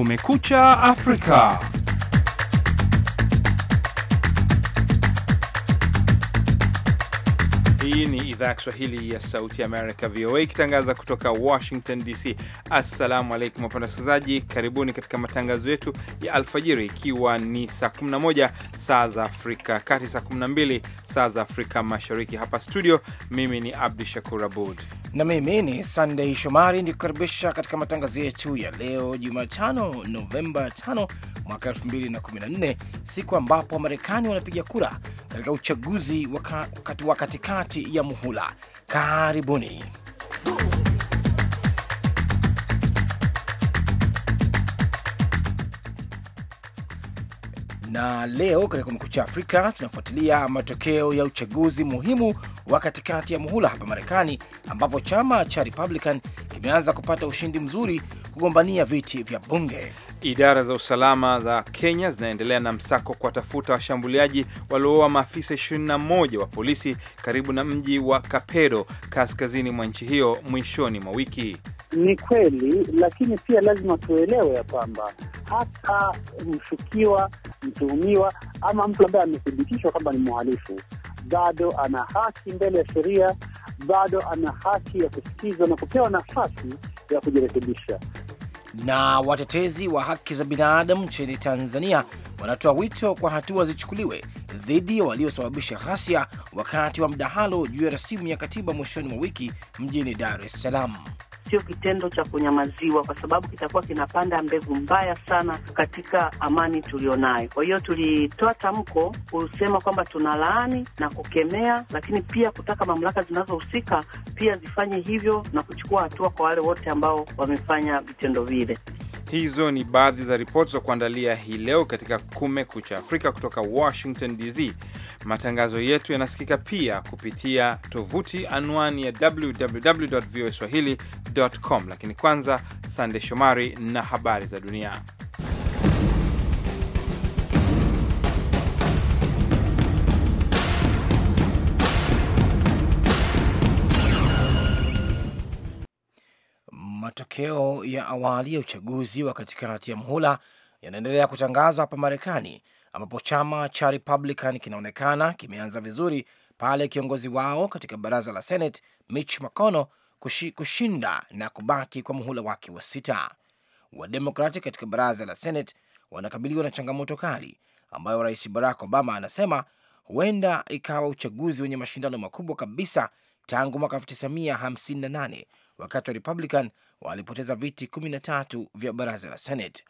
Kumekucha Afrika. Hii ni idhaa ya Kiswahili ya Sauti Amerika, VOA, ikitangaza kutoka Washington DC. Assalamu alaikum wapenda wasikilizaji, karibuni katika matangazo yetu ya alfajiri, ikiwa ni saa 11 saa za Afrika kati, saa 12 saa za Afrika Mashariki. Hapa studio, mimi ni Abdu Shakur Abud na mimi ni Sandei Shomari, kukaribisha katika matangazo yetu ya leo Jumatano Novemba 5 mwaka 2014, siku ambapo Wamarekani wanapiga kura katika uchaguzi wakati wa katikati katikati ya muhula. Karibuni. na leo katika Kumekucha Afrika tunafuatilia matokeo ya uchaguzi muhimu wa katikati ya muhula hapa Marekani, ambapo chama cha Republican kimeanza kupata ushindi mzuri kugombania viti vya bunge. Idara za usalama za Kenya zinaendelea na msako kwa tafuta washambuliaji walioua maafisa 21 wa polisi karibu na mji wa Kapedo kaskazini mwa nchi hiyo mwishoni mwa wiki. Ni kweli, lakini pia lazima tuelewe ya kwamba hata mshukiwa, mtuhumiwa ama mtu ambaye amethibitishwa kwamba ni mhalifu bado ana haki mbele ya sheria, bado ana haki ya kusikizwa na kupewa nafasi ya kujirekebisha. Na watetezi wa haki za binadamu nchini Tanzania wanatoa wito kwa hatua zichukuliwe dhidi ya waliosababisha ghasia wakati wa mdahalo juu ya rasimu ya katiba mwishoni mwa wiki mjini Dar es Salaam sio kitendo cha kunyamaziwa, kwa sababu kitakuwa kinapanda mbegu mbaya sana katika amani tulionayo. Kwa hiyo tulitoa tamko kusema kwamba tuna laani na kukemea, lakini pia kutaka mamlaka zinazohusika pia zifanye hivyo na kuchukua hatua kwa wale wote ambao wamefanya vitendo vile. Hizo ni baadhi za ripoti za kuandalia hii leo katika Kumekucha Afrika kutoka Washington DC. Matangazo yetu yanasikika pia kupitia tovuti anwani ya www voa swahili com, lakini kwanza, Sande Shomari na habari za dunia. matokeo ya awali ya uchaguzi wa katikati ya mhula yanaendelea kutangazwa hapa Marekani, ambapo chama cha Republican kinaonekana kimeanza vizuri pale kiongozi wao katika baraza la Senate Mitch McConnell kushinda na kubaki kwa muhula wake wa sita. Wademokrati katika baraza la Senate wanakabiliwa na changamoto kali ambayo Rais Barack Obama anasema huenda ikawa uchaguzi wenye mashindano makubwa kabisa tangu mwaka 1958 wakati wa Republican walipoteza viti 13 vya baraza la Senate.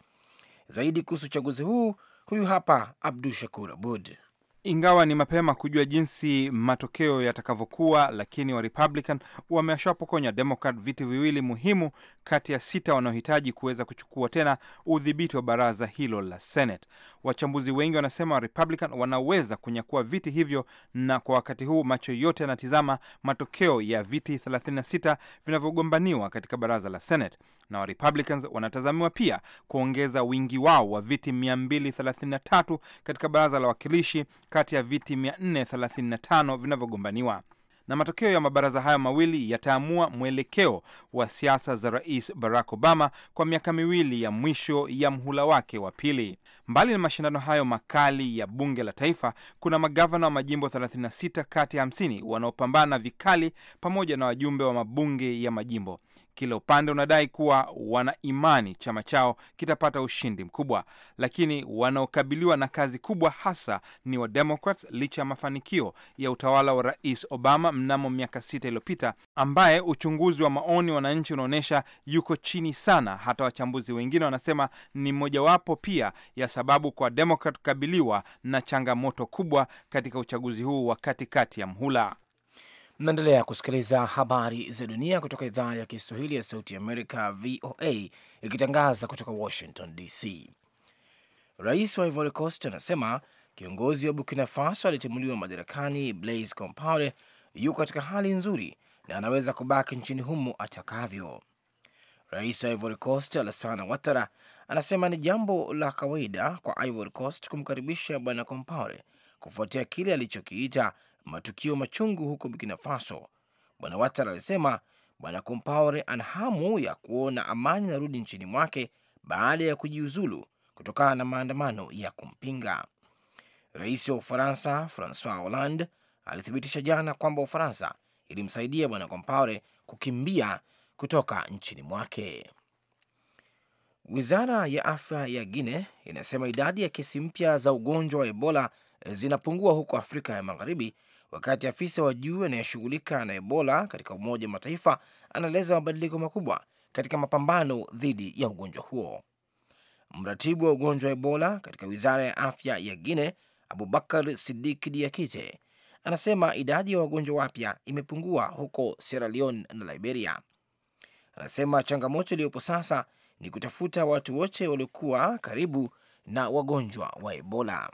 Zaidi kuhusu uchaguzi huu, huyu hapa Abdu Shakur Abud. Ingawa ni mapema kujua jinsi matokeo yatakavyokuwa, lakini wa Republican wameshapokonya Democrat viti viwili muhimu kati ya sita wanaohitaji kuweza kuchukua tena udhibiti wa baraza hilo la Senate. Wachambuzi wengi wanasema wa Republican wanaweza kunyakua viti hivyo, na kwa wakati huu macho yote yanatizama matokeo ya viti 36 vinavyogombaniwa katika baraza la Senate na wa Republicans wanatazamiwa pia kuongeza wingi wao wa viti 233 katika baraza la wawakilishi kati ya viti 435 vinavyogombaniwa na matokeo ya mabaraza hayo mawili yataamua mwelekeo wa siasa za Rais Barack Obama kwa miaka miwili ya mwisho ya mhula wake wa pili. Mbali na mashindano hayo makali ya bunge la taifa, kuna magavana wa majimbo 36 kati ya 50 wanaopambana vikali pamoja na wajumbe wa mabunge ya majimbo. Kila upande unadai kuwa wana imani chama chao kitapata ushindi mkubwa, lakini wanaokabiliwa na kazi kubwa hasa ni Wademokrats licha ya mafanikio ya utawala wa Rais Obama mnamo miaka sita iliyopita, ambaye uchunguzi wa maoni wananchi unaonyesha yuko chini sana. Hata wachambuzi wengine wanasema ni mojawapo pia ya sababu kwa Demokrat kukabiliwa na changamoto kubwa katika uchaguzi huu wa katikati ya mhula. Mnaendelea kusikiliza habari za dunia kutoka idhaa ya Kiswahili ya Sauti Amerika, VOA, ikitangaza kutoka Washington DC. Rais wa Ivory Coast anasema kiongozi wa Burkina Faso aliyetimuliwa madarakani Blaise Compaore yuko katika hali nzuri na anaweza kubaki nchini humo atakavyo. Rais wa Ivory Coast Alassane Ouattara anasema ni jambo la kawaida kwa Ivory Coast kumkaribisha bwana Compaore kufuatia kile alichokiita matukio machungu huko Burkina Faso, Bwana watar alisema Bwana Compaore ana hamu ya kuona amani rudi nchini mwake baada ya kujiuzulu kutokana na maandamano ya kumpinga. Rais wa Ufaransa Francois Hollande alithibitisha jana kwamba Ufaransa ilimsaidia Bwana Compaore kukimbia kutoka nchini mwake. Wizara ya afya ya Guine inasema idadi ya kesi mpya za ugonjwa wa Ebola zinapungua huko Afrika ya Magharibi wakati afisa wa juu anayeshughulika na Ebola katika Umoja wa Mataifa anaeleza mabadiliko makubwa katika mapambano dhidi ya ugonjwa huo. Mratibu wa ugonjwa wa Ebola katika wizara ya afya ya Guine, Abubakar Sidik Diakite, anasema idadi ya wagonjwa wapya imepungua huko Sierra Leone na Liberia. Anasema changamoto iliyopo sasa ni kutafuta watu wote waliokuwa karibu na wagonjwa wa Ebola.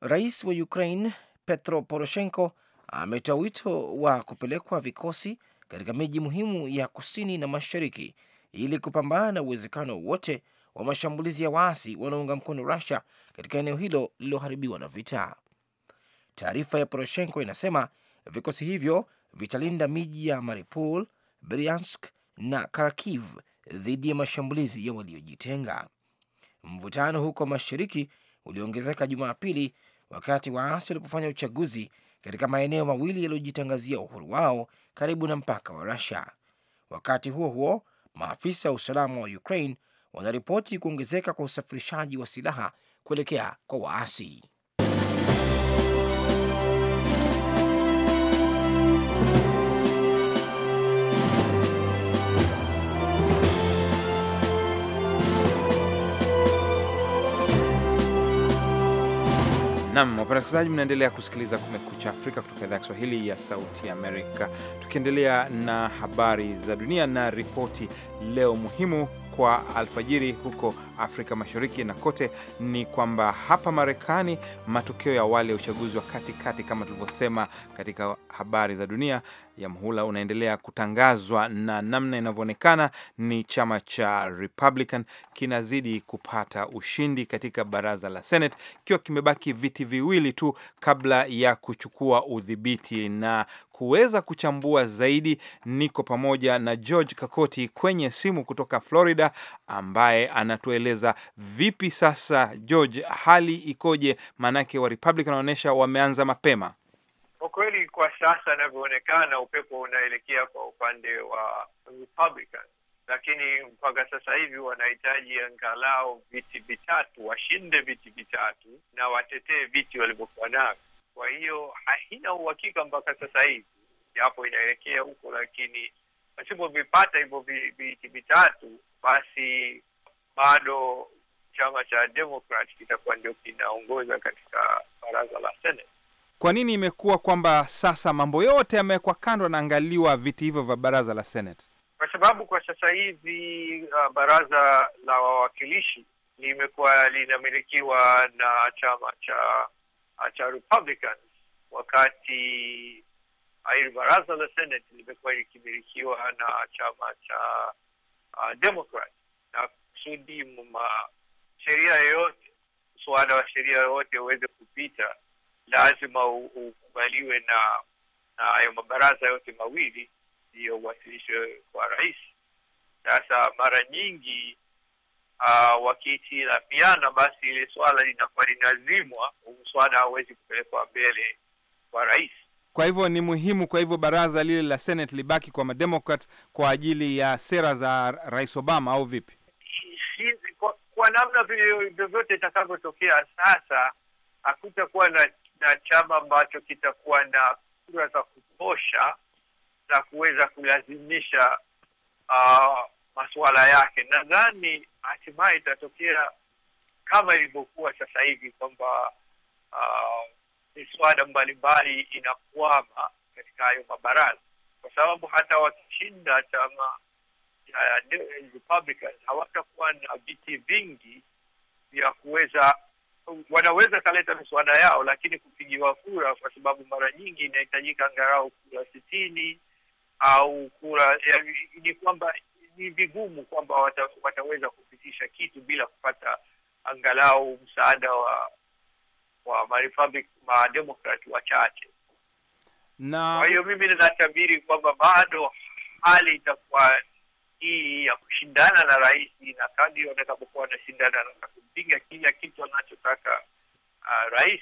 Rais wa Ukraine Petro Poroshenko ametoa wito wa kupelekwa vikosi katika miji muhimu ya kusini na mashariki ili kupambana na uwezekano wote wa mashambulizi ya waasi wanaounga mkono Rusia katika eneo hilo lililoharibiwa na vita. Taarifa ya Poroshenko inasema vikosi hivyo vitalinda miji ya Mariupol, Bryansk na Kharkiv dhidi ya mashambulizi ya waliojitenga. Mvutano huko mashariki uliongezeka Jumapili wakati waasi walipofanya uchaguzi katika maeneo mawili yaliyojitangazia uhuru wao karibu na mpaka wa Rusia. Wakati huo huo, maafisa wa usalama wa Ukraine wanaripoti kuongezeka kwa usafirishaji wa silaha kuelekea kwa waasi. Nam wapatikanaji, mnaendelea kusikiliza Kumekucha Afrika kutoka idhaa ya Kiswahili ya Sauti Amerika, tukiendelea na habari za dunia na ripoti leo muhimu kwa alfajiri huko Afrika Mashariki na kote, ni kwamba hapa Marekani matokeo ya awali ya uchaguzi wa katikati kama tulivyosema katika habari za dunia ya mhula unaendelea kutangazwa, na namna inavyoonekana ni chama cha Republican kinazidi kupata ushindi katika baraza la Senate, ikiwa kimebaki viti viwili tu kabla ya kuchukua udhibiti na kuweza kuchambua zaidi, niko pamoja na George Kakoti kwenye simu kutoka Florida, ambaye anatueleza vipi sasa. George, hali ikoje? Maanake wa Republican wanaonyesha wameanza mapema. Kwa kweli, kwa sasa inavyoonekana, upepo unaelekea kwa upande wa Republican, lakini mpaka sasa hivi wanahitaji angalau viti vitatu, washinde viti vitatu na watetee viti walivyokuwa navyo kwa hiyo haina uhakika mpaka sasa hivi, japo inaelekea huko, lakini asipovipata hivyo viti vitatu, basi bado chama cha demokrat kitakuwa ndio kinaongoza katika baraza la Senate. Kwa nini imekuwa kwamba sasa mambo yote yamewekwa kando, anaangaliwa viti hivyo vya baraza la Senate? Kwa sababu kwa sasa hivi uh, baraza la wawakilishi limekuwa linamilikiwa na chama cha cha Republicans wakati hili baraza la Senate limekuwa likimilikiwa na chama cha uh, Democrat na kusudi ma sheria yoyote, mswada wa sheria yoyote uweze kupita, lazima ukubaliwe na na hayo mabaraza yote mawili ndiyo uwasilishwe kwa rais. Sasa mara nyingi uh, ah, wakiti la piano, basi ile swala linakuwa linazimwa, mswada hauwezi kupelekwa mbele kwa rais. Kwa hivyo ni muhimu, kwa hivyo baraza lile la Senate libaki kwa mademokrat kwa ajili ya sera za rais Obama, au vipi? Kwa, kwa namna vyovyote itakavyotokea sasa, hakutakuwa na, na chama ambacho kitakuwa na kura za kutosha za kuweza kulazimisha uh, masuala yake. Nadhani hatimaye itatokea kama ilivyokuwa sasa hivi kwamba uh, miswada mbalimbali inakwama katika hayo mabaraza, kwa sababu hata wakishinda chama cha hawatakuwa na viti vingi vya kuweza wanaweza kaleta miswada yao, lakini kupigiwa kura, kwa sababu mara nyingi inahitajika angalau kura sitini au kura, ni kwamba ni vigumu kwamba wata, wataweza kupitisha kitu bila kupata angalau msaada wa wa marepublic mademokrati wachache na kwa hiyo mimi ninatabiri kwamba bado hali itakuwa hii ya kushindana na rais na kadi watakapokuwa wanashindana na kumpinga kila kitu anachotaka uh, ah, rais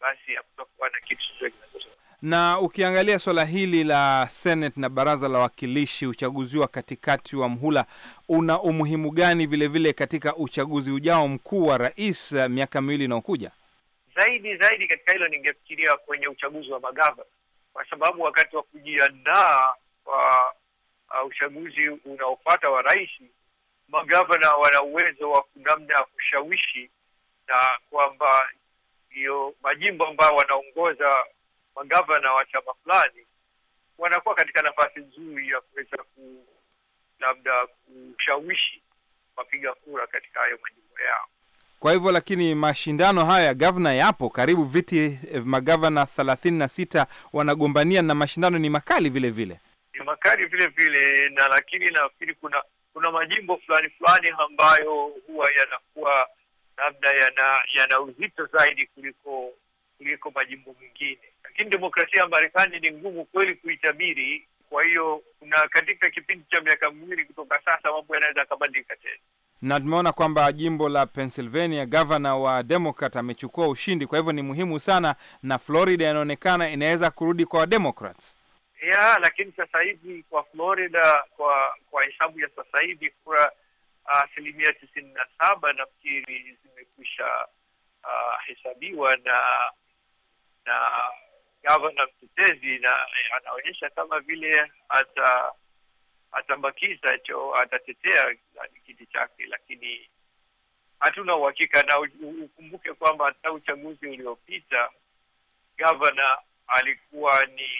basi hakutakuwa na kitu chochote na ukiangalia swala hili la Senate na baraza la wawakilishi, uchaguzi wa katikati wa mhula una umuhimu gani vilevile vile katika uchaguzi ujao mkuu wa rais eh, miaka miwili inaokuja Zaidi zaidi katika hilo ningefikiria kwenye uchaguzi wa magavana, kwa sababu wakati wa kujiandaa kwa uh, uchaguzi unaofuata wa rais, magavana wana uwezo wa namna ya kushawishi na kwamba hiyo majimbo ambayo wanaongoza magavana wa chama fulani wanakuwa katika nafasi nzuri ya kuweza ku labda kushawishi wapiga kura katika hayo majimbo yao. Kwa hivyo lakini mashindano haya ya gavana yapo karibu viti eh, magavana thelathini na sita wanagombania na mashindano ni makali vile vile, ni makali vile vile, na lakini nafikiri kuna kuna majimbo fulani fulani ambayo huwa yanakuwa labda yana yana uzito zaidi kuliko kuliko majimbo mengine, lakini demokrasia ya Marekani ni ngumu kweli kuitabiri. Kwa hiyo kuna katika kipindi cha miaka miwili kutoka sasa mambo yanaweza akabadilika tena, na tumeona kwamba jimbo la Pennsylvania gavana wa Demokrat amechukua ushindi, kwa hivyo ni muhimu sana, na Florida inaonekana inaweza kurudi kwa wademokrat ya lakini sasa hivi kwa Florida, kwa kwa hesabu ya sasa hivi kura ah, asilimia uh, tisini na saba nafikiri zimekwisha uh, hesabiwa na na gavana mtetezi, na eh, anaonyesha kama vile ata atambakiza cho atatetea kiti chake, lakini hatuna uhakika. Na ukumbuke kwamba hata uchaguzi uliopita gavana alikuwa ni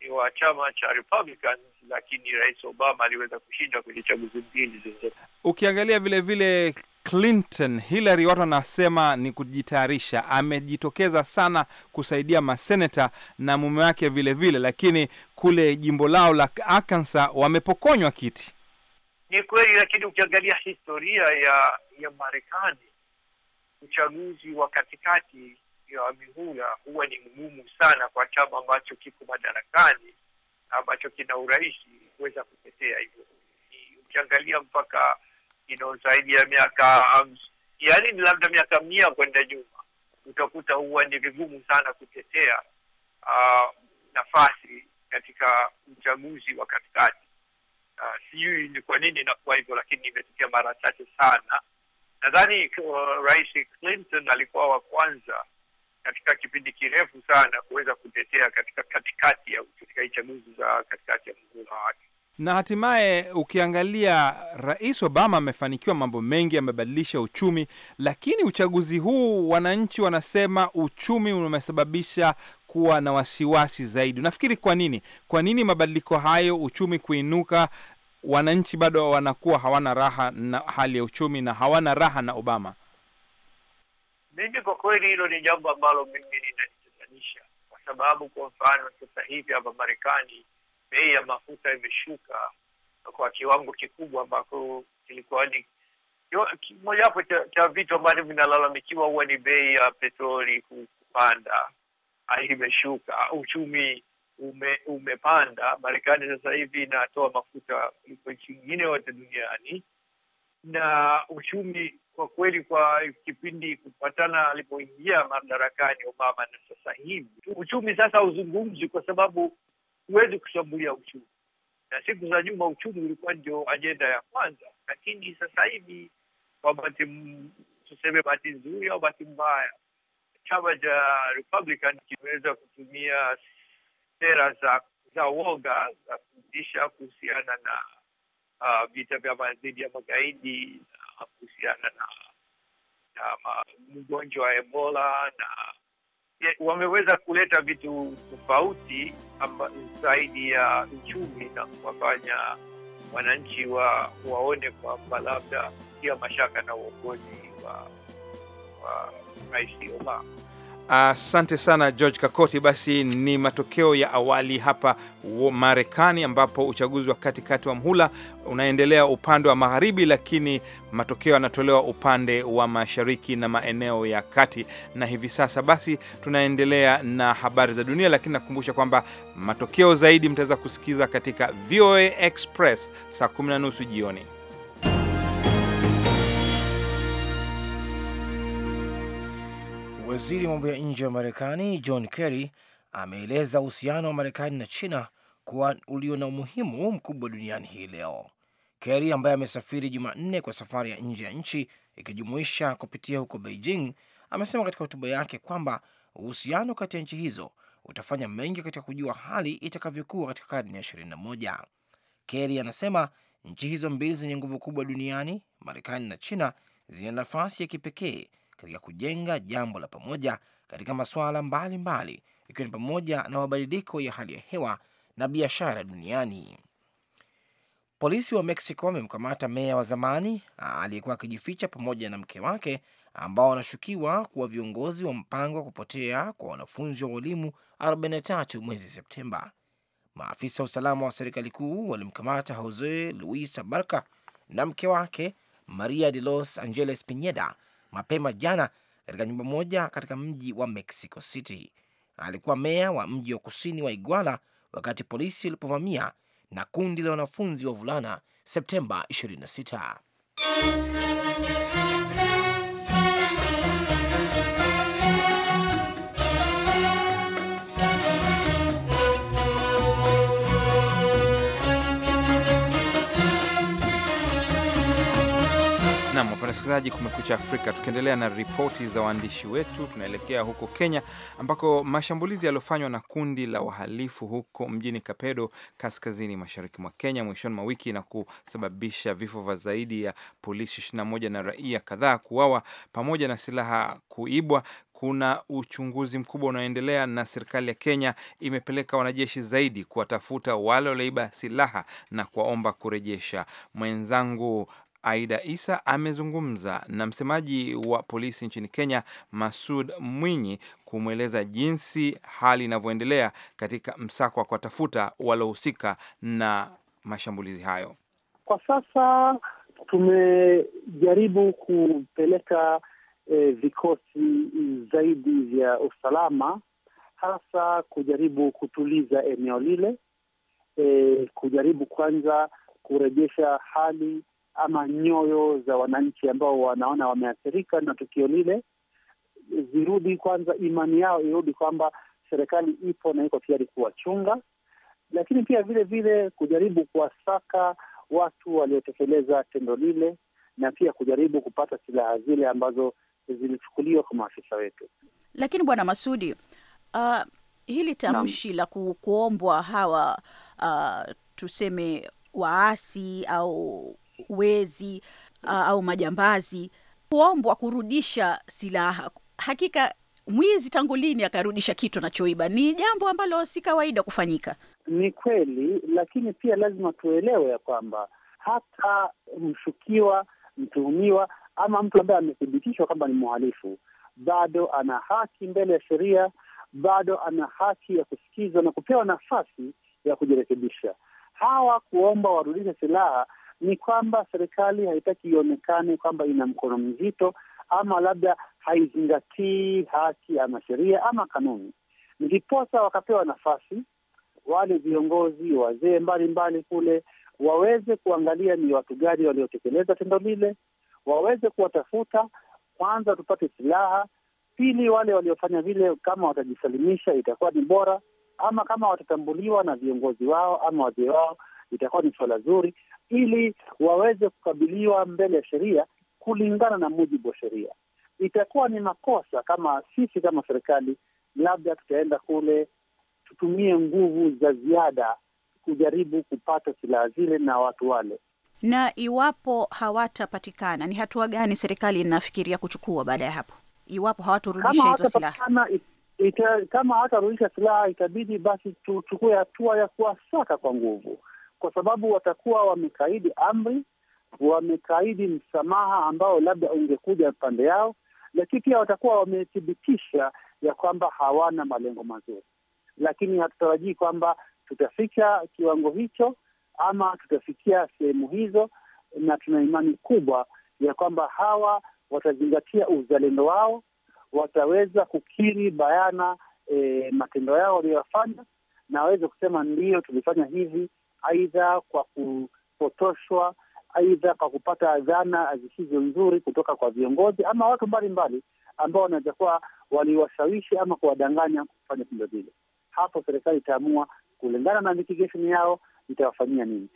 ni wa chama cha republican lakini Rais Obama aliweza kushinda kwenye chaguzi mbili Ukiangalia vile vile Clinton Hillary, watu wanasema ni kujitayarisha. Amejitokeza sana kusaidia maseneta na mume wake vilevile, lakini kule jimbo lao la Arkansas wamepokonywa kiti. Ni kweli, lakini ukiangalia historia ya ya Marekani, uchaguzi wa katikati ya mihula huwa ni mgumu sana kwa chama ambacho kiko madarakani ambacho kina urahisi kuweza kutetea hivyo. Ukiangalia mpaka you know, zaidi ya miaka yani ni labda miaka mia kwenda nyuma, utakuta huwa ni vigumu sana kutetea uh, nafasi katika uchaguzi wa katikati. Uh, sijui ni kwa nini inakuwa hivyo, lakini imetokea mara chache sana. Nadhani uh, Rais Clinton alikuwa wa kwanza katika kipindi kirefu sana kuweza kutetea katika katikati ya katika chaguzi za katikati ya muhula wake. Na hatimaye ukiangalia, Rais Obama amefanikiwa mambo mengi, amebadilisha uchumi, lakini uchaguzi huu wananchi wanasema uchumi umesababisha kuwa na wasiwasi zaidi. Unafikiri kwa nini? Kwa nini mabadiliko hayo, uchumi kuinuka, wananchi bado wanakuwa hawana raha na hali ya uchumi na hawana raha na Obama? Mimi kwa kweli, hilo ni jambo ambalo mimi linanitatanisha, kwa sababu kwa mfano sasa hivi hapa Marekani bei ya mafuta imeshuka kwa kiwango kikubwa ambako kilikuwa ni mojawapo cha, cha vitu ambavyo vinalalamikiwa huwa ni bei ya petroli kupanda, imeshuka. Uchumi ume, umepanda. Marekani sasa hivi inatoa mafuta kuliko nchi nyingine yote duniani, na uchumi kwa kweli, kwa kipindi kupatana alipoingia madarakani Obama na sasa hivi uchumi sasa hauzungumzi, kwa sababu huwezi kushambulia uchumi, na siku za nyuma uchumi ulikuwa ndio ajenda ya kwanza, lakini sasa hivi kwa bahati tuseme bahati nzuri au bahati mbaya, chama cha Republican kimeweza kutumia sera za za woga za kufundisha kuhusiana na uh, vita vya dhidi ya magaidi na kuhusiana na, na mgonjwa wa Ebola na wameweza kuleta vitu tofauti zaidi ya uchumi na kuwafanya wananchi wa waone kwamba labda pia mashaka na uongozi wa, wa Rais Obama. Asante sana George Kakoti. Basi ni matokeo ya awali hapa Marekani, ambapo uchaguzi wa katikati wa mhula unaendelea upande wa magharibi, lakini matokeo yanatolewa upande wa mashariki na maeneo ya kati. Na hivi sasa basi tunaendelea na habari za dunia, lakini nakumbusha kwamba matokeo zaidi mtaweza kusikiza katika VOA Express saa 10:30 jioni. Waziri wa mambo ya nje wa Marekani John Kerry ameeleza uhusiano wa Marekani na China kuwa ulio na umuhimu mkubwa duniani hii leo. Kerry ambaye amesafiri Jumanne kwa safari ya nje ya nchi ikijumuisha kupitia huko Beijing, amesema katika hotuba yake kwamba uhusiano kati ya nchi hizo utafanya mengi katika kujua hali itakavyokuwa katika karne ya 21. Kerry anasema nchi hizo mbili zenye nguvu kubwa duniani, Marekani na China, zina nafasi ya kipekee katika kujenga jambo la pamoja katika masuala mbalimbali ikiwa ni pamoja na mabadiliko ya hali ya hewa na biashara duniani. Polisi wa Mexico wamemkamata meya wa zamani aliyekuwa akijificha pamoja na mke wake ambao wanashukiwa kuwa viongozi wa mpango wa kupotea kwa wanafunzi wa walimu 43 mwezi Septemba. Maafisa wa usalama wa serikali kuu walimkamata Jose Luis Abarca na mke wake Maria de los Angeles Pineda mapema jana katika nyumba moja katika mji wa Mexico City. Alikuwa meya wa mji wa kusini wa Iguala wakati polisi walipovamia na kundi la wanafunzi wa vulana Septemba 26. Wasikilizaji, Kumekucha Afrika, tukiendelea na ripoti za waandishi wetu, tunaelekea huko Kenya ambako mashambulizi yaliyofanywa na kundi la wahalifu huko mjini Kapedo, kaskazini mashariki mwa Kenya mwishoni mwa wiki na kusababisha vifo vya zaidi ya polisi 21 na raia kadhaa kuawa pamoja na silaha kuibwa. Kuna uchunguzi mkubwa unaoendelea na serikali ya Kenya imepeleka wanajeshi zaidi kuwatafuta wale walioiba silaha na kuwaomba kurejesha. Mwenzangu Aida Isa amezungumza na msemaji wa polisi nchini Kenya, Masud Mwinyi, kumweleza jinsi hali inavyoendelea katika msako wa kuwatafuta waliohusika na mashambulizi hayo. Kwa sasa tumejaribu kupeleka e, vikosi zaidi vya usalama hasa kujaribu kutuliza eneo lile, e, kujaribu kwanza kurejesha hali ama nyoyo za wananchi ambao wanaona wameathirika na tukio lile, zirudi kwanza, imani yao irudi kwamba serikali ipo na iko tayari kuwachunga, lakini pia vile vile kujaribu kuwasaka watu waliotekeleza tendo lile na pia kujaribu kupata silaha zile ambazo zilichukuliwa kwa maafisa wetu. Lakini Bwana Masudi, uh, hili tamshi la kuombwa hawa uh, tuseme waasi au wezi uh, au majambazi kuombwa kurudisha silaha. Hakika mwizi tangu lini akarudisha kitu anachoiba? Ni jambo ambalo si kawaida kufanyika. Ni kweli, lakini pia lazima tuelewe ya kwamba hata mshukiwa, mtuhumiwa ama mtu ambaye amethibitishwa kwamba ni mhalifu bado ana haki mbele ya sheria, bado ana haki ya kusikizwa na kupewa nafasi ya kujirekebisha. Hawa kuomba warudishe silaha ni kwamba serikali haitaki ionekane kwamba ina mkono mzito ama labda haizingatii haki ama sheria ama kanuni. Ndiposa wakapewa nafasi wale viongozi wazee mbalimbali kule waweze kuangalia ni watu gani waliotekeleza tendo lile, waweze kuwatafuta kwanza, tupate silaha. Pili, wale waliofanya vile kama watajisalimisha itakuwa ni bora, ama kama watatambuliwa na viongozi wao ama wazee wao itakuwa ni swala zuri, ili waweze kukabiliwa mbele ya sheria kulingana na mujibu wa sheria. Itakuwa ni makosa kama sisi kama serikali labda tutaenda kule tutumie nguvu za ziada kujaribu kupata silaha zile na watu wale. Na iwapo hawatapatikana, ni hatua gani serikali inafikiria kuchukua baada ya hapo, iwapo hawaturudisha hizo silaha? Ita, kama hawatarudisha silaha itabidi basi tuchukue hatua ya kuwasaka kwa nguvu kwa sababu watakuwa wamekaidi amri, wamekaidi msamaha ambao labda ungekuja pande yao, lakini pia watakuwa wamethibitisha ya kwamba hawana malengo mazuri. Lakini hatutarajii kwamba tutafika kiwango hicho ama tutafikia sehemu hizo, na tuna imani kubwa ya kwamba hawa watazingatia uzalendo wao, wataweza kukiri bayana e, matendo yao waliyoyafanya na waweze kusema ndiyo, tulifanya hivi aidha kwa kupotoshwa, aidha kwa kupata dhana zisizo nzuri kutoka kwa viongozi ama watu mbalimbali ambao wanaweza kuwa waliwashawishi ama kuwadanganya kufanya tendo vile. Hapo serikali itaamua kulingana na mitigation yao itawafanyia nini.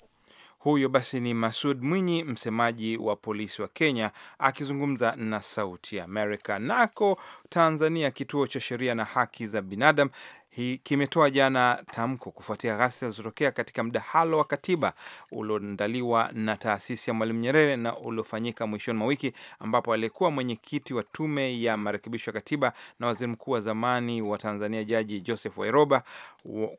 Huyo basi ni Masud Mwinyi, msemaji wa polisi wa Kenya, akizungumza na Sauti ya Amerika. Nako Tanzania, kituo cha sheria na haki za binadamu hii kimetoa jana tamko kufuatia ghasia zilizotokea katika mdahalo wa katiba ulioandaliwa na taasisi ya Mwalimu Nyerere na uliofanyika mwishoni mwa wiki, ambapo aliyekuwa mwenyekiti wa tume ya marekebisho ya katiba na waziri mkuu wa zamani wa Tanzania Jaji Joseph Wairoba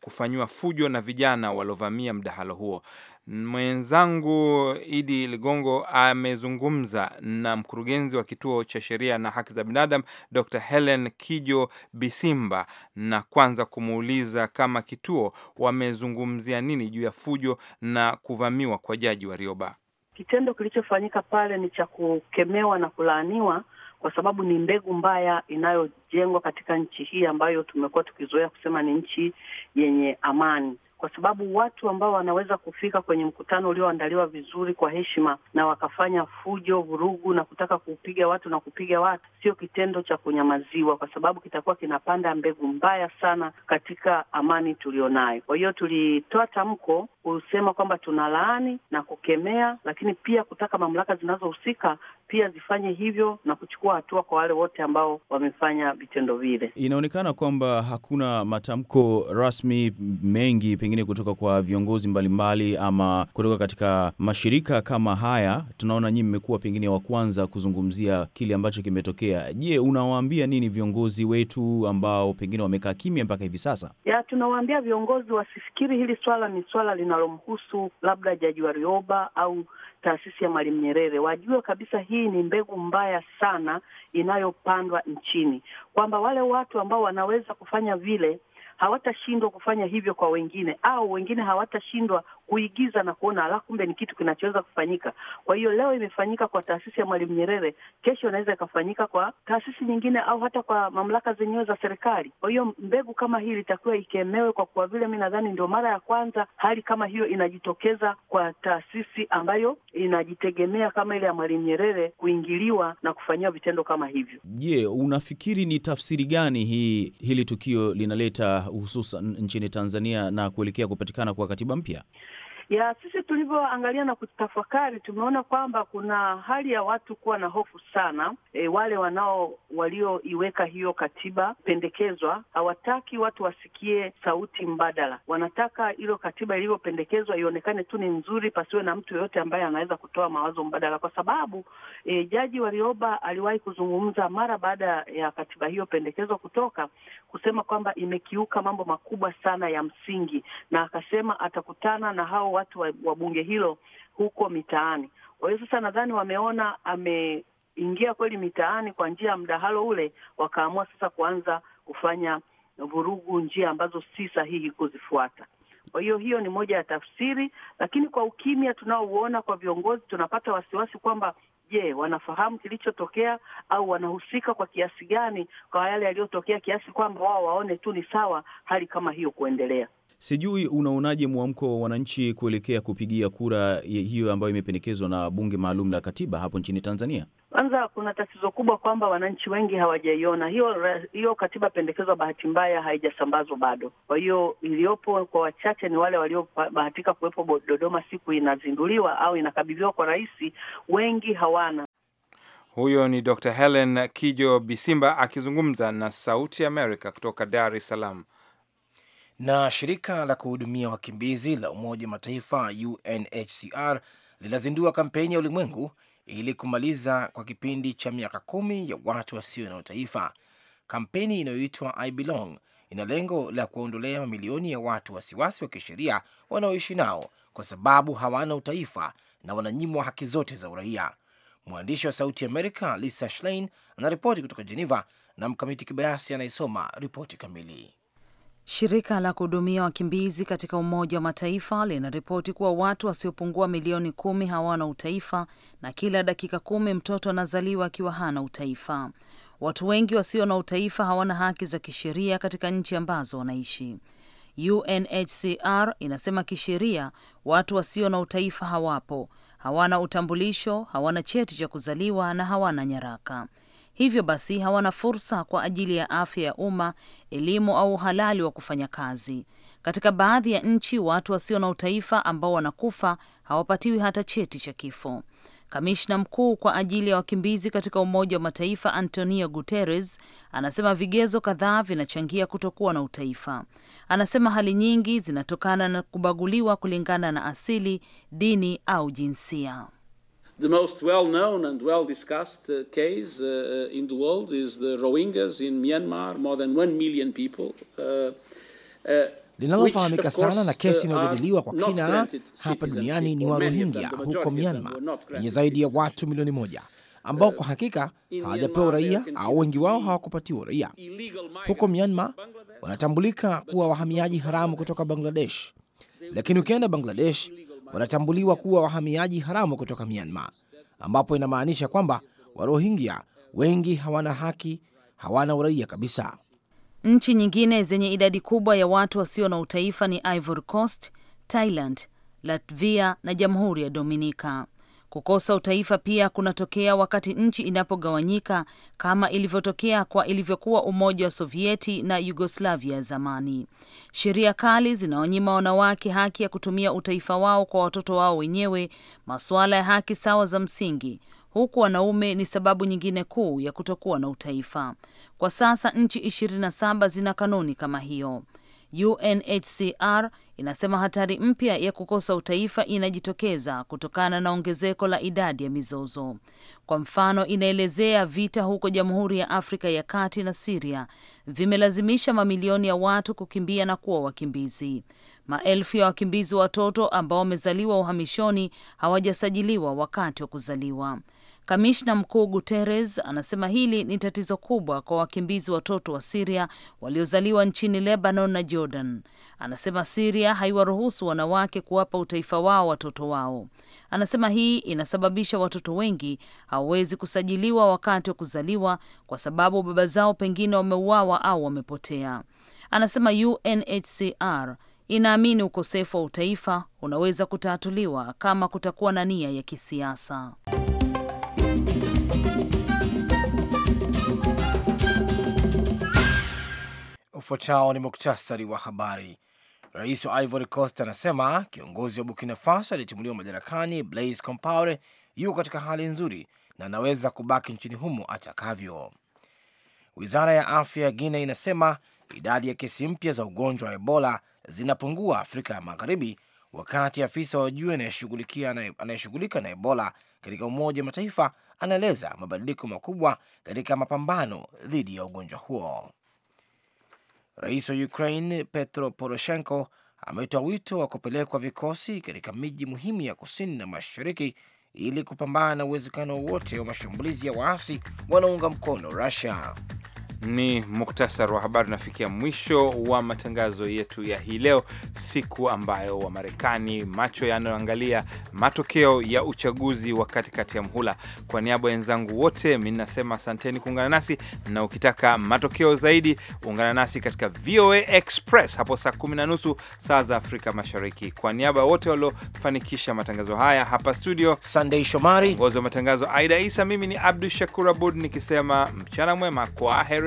kufanyiwa fujo na vijana waliovamia mdahalo huo. Mwenzangu Idi Ligongo amezungumza na mkurugenzi wa kituo cha sheria na haki za binadamu Dr. Helen Kijo Bisimba na kwanza kumuuliza kama kituo wamezungumzia nini juu ya fujo na kuvamiwa kwa jaji Rioba. Kitendo kilichofanyika pale ni cha kukemewa na kulaaniwa kwa sababu ni mbegu mbaya inayojengwa katika nchi hii ambayo tumekuwa tukizoea kusema ni nchi yenye amani kwa sababu watu ambao wanaweza kufika kwenye mkutano ulioandaliwa vizuri kwa heshima na wakafanya fujo, vurugu na kutaka kupiga watu na kupiga watu, sio kitendo cha kunyamaziwa, kwa sababu kitakuwa kinapanda mbegu mbaya sana katika amani tulionayo. Kwa hiyo tulitoa tamko kusema kwamba tunalaani na kukemea, lakini pia kutaka mamlaka zinazohusika pia zifanye hivyo na kuchukua hatua kwa wale wote ambao wamefanya vitendo vile. Inaonekana kwamba hakuna matamko rasmi mengi pengine kutoka kwa viongozi mbalimbali mbali, ama kutoka katika mashirika kama haya. Tunaona nyinyi mmekuwa pengine wa kwanza kuzungumzia kile ambacho kimetokea. Je, unawaambia nini viongozi wetu ambao pengine wamekaa kimya mpaka hivi sasa? Ya, tunawaambia viongozi wasifikiri hili swala ni swala linalomhusu labda Jaji Warioba au taasisi ya Mwalimu Nyerere wajue kabisa hii ni mbegu mbaya sana inayopandwa nchini, kwamba wale watu ambao wanaweza kufanya vile hawatashindwa kufanya hivyo kwa wengine, au wengine hawatashindwa kuigiza na kuona, alafu kumbe ni kitu kinachoweza kufanyika. Kwa hiyo leo imefanyika kwa taasisi ya Mwalimu Nyerere, kesho inaweza ikafanyika kwa taasisi nyingine au hata kwa mamlaka zenyewe za serikali. Kwa hiyo mbegu kama hii litakiwa ikemewe, kwa kuwa vile mi nadhani ndio mara ya kwanza hali kama hiyo inajitokeza kwa taasisi ambayo inajitegemea kama ile ya Mwalimu Nyerere kuingiliwa na kufanyiwa vitendo kama hivyo. Je, yeah, unafikiri ni tafsiri gani hii hili tukio linaleta hususan nchini Tanzania na kuelekea kupatikana kwa katiba mpya? ya sisi tulivyoangalia na kutafakari, tumeona kwamba kuna hali ya watu kuwa na hofu sana. E, wale wanao walioiweka hiyo katiba pendekezwa hawataki watu wasikie sauti mbadala, wanataka ilo katiba ilivyopendekezwa ionekane tu ni nzuri, pasiwe na mtu yoyote ambaye anaweza kutoa mawazo mbadala, kwa sababu e, Jaji Warioba aliwahi kuzungumza mara baada ya katiba hiyo pendekezwa kutoka kusema kwamba imekiuka mambo makubwa sana ya msingi, na akasema atakutana na hao watu wa, wa bunge hilo huko mitaani. Kwa hiyo sasa nadhani wameona ameingia kweli mitaani kwa njia ya mdahalo ule, wakaamua sasa kuanza kufanya vurugu, njia ambazo si sahihi kuzifuata. Kwa hiyo hiyo ni moja ya tafsiri, lakini kwa ukimya tunaouona kwa viongozi tunapata wasiwasi kwamba Je, wanafahamu kilichotokea au wanahusika kwa kiasi gani kwa yale yaliyotokea, kiasi kwamba wao waone tu ni sawa hali kama hiyo kuendelea? Sijui unaonaje mwamko wa wananchi kuelekea kupigia kura hiyo ambayo imependekezwa na Bunge Maalum la Katiba hapo nchini Tanzania? Kwanza kuna tatizo kubwa kwamba wananchi wengi hawajaiona hiyo hiyo katiba pendekezwa, bahati mbaya haijasambazwa bado. Kwa hiyo iliyopo kwa wachache ni wale waliobahatika kuwepo Dodoma siku inazinduliwa au inakabidhiwa kwa rais, wengi hawana. Huyo ni Dr. Helen Kijo Bisimba akizungumza na Sauti Amerika kutoka Dar es Salaam. Na shirika la kuhudumia wakimbizi la Umoja wa Mataifa UNHCR linazindua kampeni ya ulimwengu ili kumaliza kwa kipindi cha miaka kumi ya watu wasio na utaifa. Kampeni inayoitwa I Belong ina lengo la kuwaondolea mamilioni ya watu wasiwasi wa kisheria wanaoishi nao kwa sababu hawana utaifa na wananyimwa haki zote za uraia. Mwandishi wa Sauti Amerika Lisa Schlein anaripoti kutoka Geneva na Mkamiti Kibayasi anayesoma ripoti kamili. Shirika la kuhudumia wakimbizi katika Umoja wa Mataifa linaripoti kuwa watu wasiopungua milioni kumi hawana utaifa na kila dakika kumi mtoto anazaliwa akiwa hana utaifa. Watu wengi wasio na utaifa hawana haki za kisheria katika nchi ambazo wanaishi. UNHCR inasema kisheria watu wasio na utaifa hawapo, hawana utambulisho, hawana cheti cha kuzaliwa na hawana nyaraka. Hivyo basi hawana fursa kwa ajili ya afya ya umma, elimu au uhalali wa kufanya kazi. Katika baadhi ya nchi, watu wasio na utaifa ambao wanakufa hawapatiwi hata cheti cha kifo. Kamishna mkuu kwa ajili ya wakimbizi katika Umoja wa Mataifa Antonio Guterres anasema vigezo kadhaa vinachangia kutokuwa na utaifa. Anasema hali nyingi zinatokana na kubaguliwa kulingana na asili, dini au jinsia. The most well known and well discussed uh, case uh, uh, in the world is the Rohingyas in Myanmar, more than 1 million people. Uh, uh, Linalofahamika sana na kesi inayojadiliwa kwa kina hapa duniani ni wa Rohingya huko Myanmar yenye zaidi ya watu milioni moja ambao kwa hakika hawajapewa uraia au wengi wao hawakupatiwa uraia. Huko Myanmar wanatambulika kuwa wahamiaji haramu kutoka Bangladesh, lakini ukienda Bangladesh wanatambuliwa kuwa wahamiaji haramu kutoka Myanmar, ambapo inamaanisha kwamba Warohingya wengi hawana haki, hawana uraia kabisa. Nchi nyingine zenye idadi kubwa ya watu wasio na utaifa ni Ivory Coast, Thailand, Latvia na Jamhuri ya Dominika. Kukosa utaifa pia kunatokea wakati nchi inapogawanyika kama ilivyotokea kwa ilivyokuwa Umoja wa Sovieti na Yugoslavia ya zamani. Sheria kali zinaonyima wanawake haki ya kutumia utaifa wao kwa watoto wao wenyewe, masuala ya haki sawa za msingi huku wanaume ni sababu nyingine kuu ya kutokuwa na utaifa. Kwa sasa nchi 27 zina kanuni kama hiyo. UNHCR inasema hatari mpya ya kukosa utaifa inajitokeza kutokana na ongezeko la idadi ya mizozo. Kwa mfano, inaelezea vita huko Jamhuri ya Afrika ya Kati na Siria vimelazimisha mamilioni ya watu kukimbia na kuwa wakimbizi. Maelfu ya wakimbizi watoto ambao wamezaliwa uhamishoni hawajasajiliwa wakati wa kuzaliwa. Kamishna mkuu Guterres anasema hili ni tatizo kubwa kwa wakimbizi watoto wa Siria waliozaliwa nchini Lebanon na Jordan. Anasema Siria sheria haiwaruhusu wanawake kuwapa utaifa wao watoto wao. Anasema hii inasababisha watoto wengi hawawezi kusajiliwa wakati wa kuzaliwa kwa sababu baba zao pengine wameuawa au wamepotea. Anasema UNHCR inaamini ukosefu wa utaifa unaweza kutatuliwa kama kutakuwa na nia ya kisiasa. Ufuatao ni muktasari wa habari. Rais wa Ivory Coast anasema kiongozi wa Burkina Faso aliyetimuliwa madarakani Blaise Compaore yuko katika hali nzuri na anaweza kubaki nchini humo atakavyo. Wizara ya afya ya Guinea inasema idadi ya kesi mpya za ugonjwa wa Ebola zinapungua Afrika ya Magharibi, wakati afisa wa juu anayeshughulika na Ebola katika Umoja wa Mataifa anaeleza mabadiliko makubwa katika mapambano dhidi ya ugonjwa huo. Rais wa Ukraine Petro Poroshenko ametoa wito wa kupelekwa vikosi katika miji muhimu ya kusini na mashariki ili kupambana na uwezekano wowote wa mashambulizi ya waasi wanaunga mkono Rusia. Ni muktasar wa habari. Unafikia mwisho wa matangazo yetu ya hii leo, siku ambayo Wamarekani macho yanayoangalia matokeo ya uchaguzi wa katikati ya mhula. Kwa niaba ya wenzangu wote, mi nasema asanteni kuungana nasi, na ukitaka matokeo zaidi ungana nasi katika VOA Express hapo saa kumi na nusu saa za Afrika Mashariki. Kwa niaba ya wote waliofanikisha matangazo haya hapa studio, Sandei Shomari, ongozi wa matangazo Aida Isa, mimi ni Abdu Shakur Abud nikisema mchana mwema, kwa heri.